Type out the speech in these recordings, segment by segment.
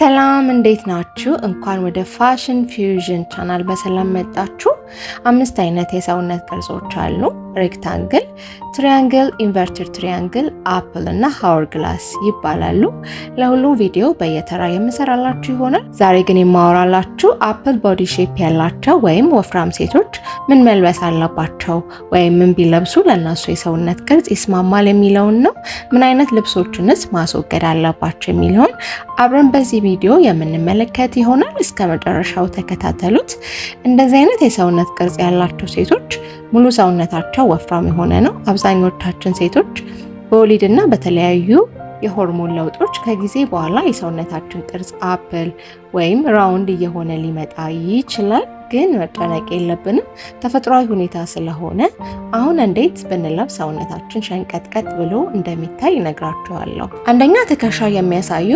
ሰላም እንዴት ናችሁ? እንኳን ወደ ፋሽን ፊውዥን ቻናል በሰላም መጣችሁ። አምስት አይነት የሰውነት ቅርጾች አሉ። ሬክታንግል፣ ትሪያንግል፣ ኢንቨርትድ ትሪያንግል፣ አፕል እና ሀወር ግላስ ይባላሉ። ለሁሉም ቪዲዮ በየተራ የምሰራላችሁ ይሆናል። ዛሬ ግን የማወራላችሁ አፕል ቦዲ ሼፕ ያላቸው ወይም ወፍራም ሴቶች ምን መልበስ አለባቸው ወይም ምን ቢለብሱ ለእነሱ የሰውነት ቅርጽ ይስማማል የሚለውን ነው። ምን አይነት ልብሶችንስ ማስወገድ አለባቸው የሚለውን አብረን በዚህ ቪዲዮ የምንመለከት ይሆናል። እስከ መጨረሻው ተከታተሉት። እንደዚህ አይነት የሰውነት ቅርጽ ያላቸው ሴቶች ሙሉ ሰውነታቸው ወፍራም የሆነ ነው። አብዛኞቻችን ሴቶች በወሊድና በተለያዩ የሆርሞን ለውጦች ከጊዜ በኋላ የሰውነታችን ቅርጽ አፕል ወይም ራውንድ እየሆነ ሊመጣ ይችላል። ግን መጨነቅ የለብንም። ተፈጥሯዊ ሁኔታ ስለሆነ አሁን እንዴት ብንለብ ሰውነታችን ሸንቀጥቀጥ ብሎ እንደሚታይ ይነግራችኋለሁ። አንደኛ ትከሻ የሚያሳዩ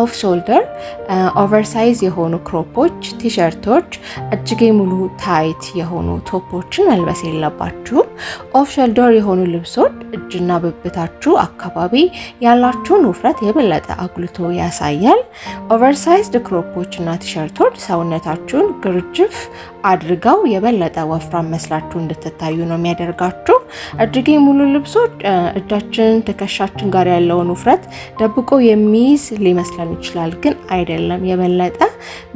ኦፍ ሾልደር ኦቨርሳይዝ የሆኑ ክሮፖች፣ ቲሸርቶች፣ እጅጌ ሙሉ ታይት የሆኑ ቶፖችን መልበስ የለባችሁም። ኦፍ ሾልደር የሆኑ ልብሶች እጅና ብብታችሁ አካባቢ ያላችሁን ውፍረት የበለጠ አጉልቶ ያሳያል። ኦቨርሳይዝድ ክሮፖች እና ቲሸርቶች ሰውነታችሁን ግርጅፍ አድርገው የበለጠ ወፍራም መስላችሁ እንድትታዩ ነው የሚያደርጋችሁ። እጅጌ ሙሉ ልብሶች እጃችን ትከሻችን ጋር ያለውን ውፍረት ደብቆ የሚይዝ ሊመስለን ይችላል፣ ግን አይደለም። የበለጠ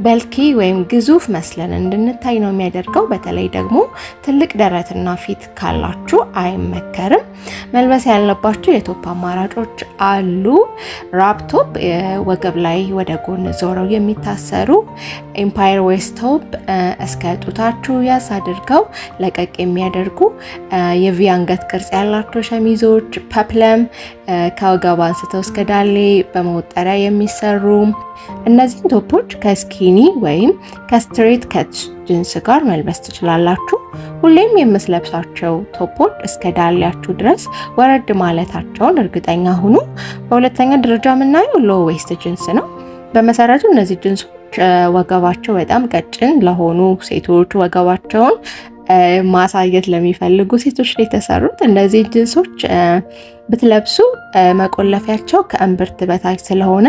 በልኪ ወይም ግዙፍ መስለን እንድንታይ ነው የሚያደርገው። በተለይ ደግሞ ትልቅ ደረትና ፊት ካላችሁ አይመከርም። መልበስ ያለባችሁ የቶፕ አማራጮች አሉ። ራፕቶፕ ወገብ ላይ ወደ ጎን ዞረው የሚታሰሩ፣ ኤምፓየር ዌስት ቶፕ እስከ ጡታችሁ ያስ አድርገው ለቀቅ የሚያደርጉ የቪ አንገት ቅርጽ ያላቸው ሸሚዞች፣ ፐፕለም ከወገብ አንስተው እስከ ዳሌ በመወጠሪያ የሚሰሩ እነዚህን ቶፖች ከስኪኒ ወይም ከስትሬት ከት ጅንስ ጋር መልበስ ትችላላችሁ። ሁሌም የምትለብሳቸው ቶፖች እስከ ዳሌያችሁ ድረስ ወረድ ማለታቸውን እርግጠኛ ሁኑ። በሁለተኛ ደረጃ የምናየው ሎ ዌስት ጅንስ ነው። በመሰረቱ እነዚህ ጅንሶች ወገባቸው በጣም ቀጭን ለሆኑ ሴቶች ወገባቸውን ማሳየት ለሚፈልጉ ሴቶች የተሰሩት እነዚህ ጅንሶች ብትለብሱ መቆለፊያቸው ከእምብርት በታች ስለሆነ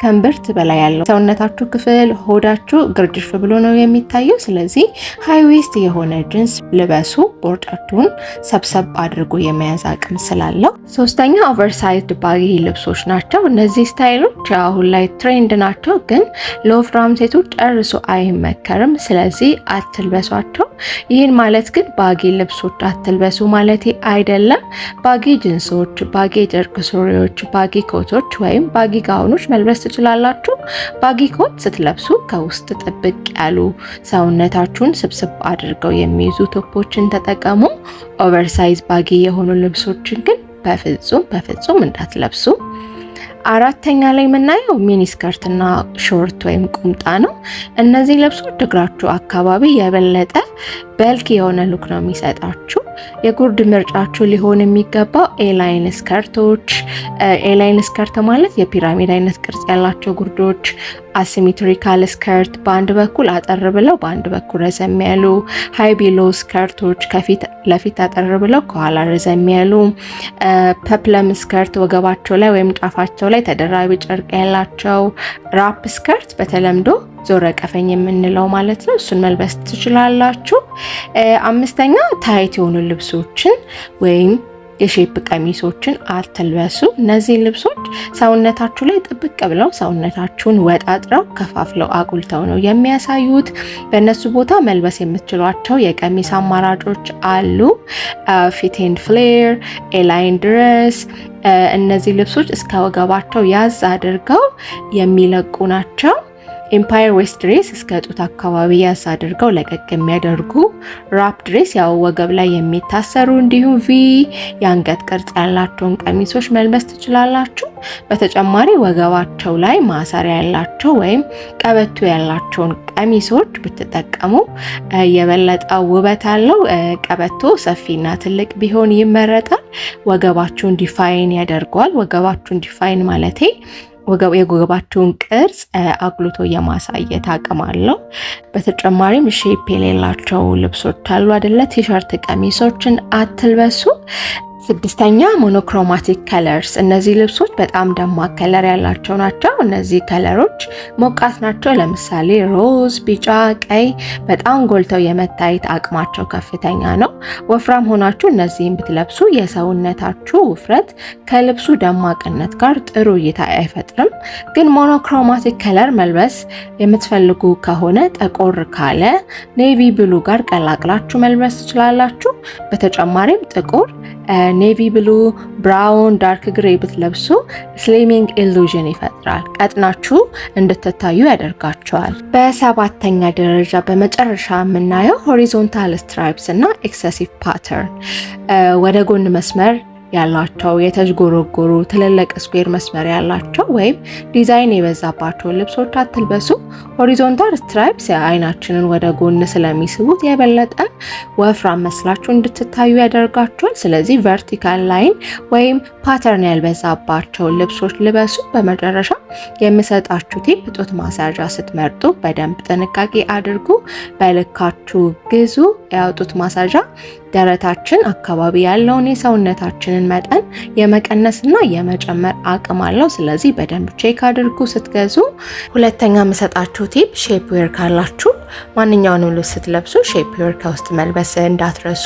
ከእምብርት በላይ ያለው ሰውነታችሁ ክፍል ሆዳችሁ ግርድፍ ብሎ ነው የሚታየው። ስለዚህ ሃይዌስት የሆነ ጅንስ ልበሱ። ቦርጫችሁን ሰብሰብ አድርጎ የመያዝ አቅም ስላለው። ሶስተኛ ኦቨርሳይዝድ ባጊ ልብሶች ናቸው። እነዚህ ስታይሎች አሁን ላይ ትሬንድ ናቸው፣ ግን ለወፍራም ሴቶች ጨርሶ አይመከርም። ስለዚህ አትልበሷቸው። ይህን ማለት ግን ባጊ ልብሶች አትልበሱ ማለት አይደለም። ባጊ ጅንሶች ባጊ የጨርቅ ሱሪዎች፣ ባጊ ኮቶች ወይም ባጊ ጋውኖች መልበስ ትችላላችሁ። ባጊ ኮት ስትለብሱ ከውስጥ ጥብቅ ያሉ ሰውነታችሁን ስብስብ አድርገው የሚይዙ ቶፖችን ተጠቀሙ። ኦቨርሳይዝ ባጊ የሆኑ ልብሶችን ግን በፍጹም በፍጹም እንዳትለብሱ። አራተኛ ላይ የምናየው ሚኒ ስከርትና ሾርት ወይም ቁምጣ ነው። እነዚህ ልብሶች እግራችሁ አካባቢ የበለጠ በልክ የሆነ ሉክ ነው የሚሰጣችሁ። የጉርድ ምርጫችሁ ሊሆን የሚገባው ኤላይን ስከርቶች። ኤላይን uh, ስከርት ማለት የፒራሚድ አይነት ቅርጽ ያላቸው ጉርዶች፣ አሲሜትሪካል ስከርት በአንድ በኩል አጠር ብለው በአንድ በኩል ረዘም ያሉ፣ ሃይቢሎ ስከርቶች ከፊት ለፊት አጠር ብለው ከኋላ ረዘም ያሉ፣ ፐፕለም uh, ስከርት ወገባቸው ላይ ወይም ጫፋቸው ላይ ተደራቢ ጨርቅ ያላቸው፣ ራፕ ስከርት በተለምዶ ዞረ ቀፈኝ የምንለው ማለት ነው። እሱን መልበስ ትችላላችሁ። አምስተኛ ታይት የሆኑ ልብሶችን ወይም የሼፕ ቀሚሶችን አትልበሱ። እነዚህ ልብሶች ሰውነታችሁ ላይ ጥብቅ ብለው ሰውነታችሁን ወጣጥረው ከፋፍለው አጉልተው ነው የሚያሳዩት። በእነሱ ቦታ መልበስ የምትችሏቸው የቀሚስ አማራጮች አሉ። ፊቴን ፍሌር፣ ኤላይን ድረስ እነዚህ ልብሶች እስከ ወገባቸው ያዝ አድርገው የሚለቁ ናቸው። ኤምፓየር ዌስት ድሬስ እስከ ጡት አካባቢ ያስ አድርገው ለቀቅ የሚያደርጉ ራፕ ድሬስ ያው ወገብ ላይ የሚታሰሩ እንዲሁም ቪ የአንገት ቅርጽ ያላቸውን ቀሚሶች መልበስ ትችላላችሁ። በተጨማሪ ወገባቸው ላይ ማሰሪያ ያላቸው ወይም ቀበቶ ያላቸውን ቀሚሶች ብትጠቀሙ የበለጠ ውበት አለው ቀበቶ ሰፊና ትልቅ ቢሆን ይመረጣል። ወገባችሁን ዲፋይን ያደርገዋል። ወገባችሁን ዲፋይን ማለቴ የወገባቸውን ቅርጽ አጉልቶ የማሳየት አቅም አለው። በተጨማሪም ሼፕ የሌላቸው ልብሶች አሉ አደለ? ቲሸርት ቀሚሶችን አትልበሱ። ስድስተኛ ሞኖክሮማቲክ ከለርስ። እነዚህ ልብሶች በጣም ደማቅ ከለር ያላቸው ናቸው። እነዚህ ከለሮች ሞቃት ናቸው። ለምሳሌ ሮዝ፣ ቢጫ፣ ቀይ በጣም ጎልተው የመታየት አቅማቸው ከፍተኛ ነው። ወፍራም ሆናችሁ እነዚህን ብትለብሱ የሰውነታችሁ ውፍረት ከልብሱ ደማቅነት ጋር ጥሩ እይታ አይፈጥርም። ግን ሞኖክሮማቲክ ከለር መልበስ የምትፈልጉ ከሆነ ጠቆር ካለ ኔቪ ብሉ ጋር ቀላቅላችሁ መልበስ ትችላላችሁ። በተጨማሪም ጥቁር ኔቪ ብሉ፣ ብራውን፣ ዳርክ ግሬ ብትለብሱ ስሊሚንግ ኢሉዥን ይፈጥራል፣ ቀጥናችሁ እንድትታዩ ያደርጋቸዋል። በሰባተኛ ደረጃ በመጨረሻ የምናየው ሆሪዞንታል ስትራይፕስ እና ኤክሰሲቭ ፓተርን ወደ ጎን መስመር ያላቸው የተዥጎረጎሩ ትልልቅ ስኩዌር መስመር ያላቸው ወይም ዲዛይን የበዛባቸው ልብሶች አትልበሱ። ሆሪዞንታል ስትራይፕስ አይናችንን ወደ ጎን ስለሚስቡት የበለጠ ወፍራም መስላችሁ እንድትታዩ ያደርጋችኋል። ስለዚህ ቨርቲካል ላይን ወይም ፓተርን ያልበዛባቸው ልብሶች ልበሱ። በመጨረሻ የምሰጣችሁ ቲፕ ጡት ማስያዣ ስትመርጡ በደንብ ጥንቃቄ አድርጉ። በልካችሁ ግዙ። ያው ጡት ማስያዣ ደረታችን አካባቢ ያለውን የሰውነታችንን መጠን የመቀነስና የመጨመር አቅም አለው። ስለዚህ በደንብ ቼክ አድርጉ ስትገዙ። ሁለተኛ የምሰጣችሁ ቲፕ ሼፕዌር ካላችሁ ማንኛውንም ልብስ ስትለብሱ ሼፕ ዮር ከውስጥ መልበስ እንዳትረሱ።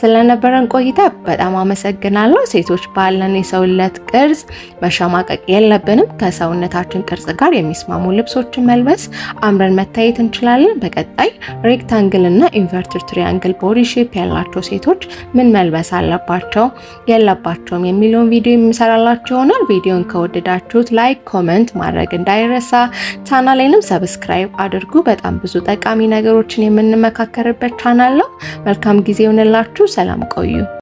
ስለነበረን ቆይታ በጣም አመሰግናለሁ። ሴቶች ባለን የሰውነት ቅርጽ መሸማቀቅ የለብንም። ከሰውነታችን ቅርጽ ጋር የሚስማሙ ልብሶችን መልበስ አምረን መታየት እንችላለን። በቀጣይ ሬክታንግል እና ኢንቨርትድ ትሪያንግል ቦዲ ሼፕ ያላቸው ሴቶች ምን መልበስ አለባቸው የለባቸውም የሚለውን ቪዲዮ የሚሰራላቸው ይሆናል። ቪዲዮን ከወደዳችሁት ላይክ፣ ኮመንት ማድረግ እንዳይረሳ። ቻናሌንም ሰብስክራይብ አድርጉ። በጣም ብዙ ጠቃሚ ነገሮችን የምንመካከርበት ቻናል ነው። መልካም ጊዜ ይሆንላችሁ። ሰላም ቆዩ።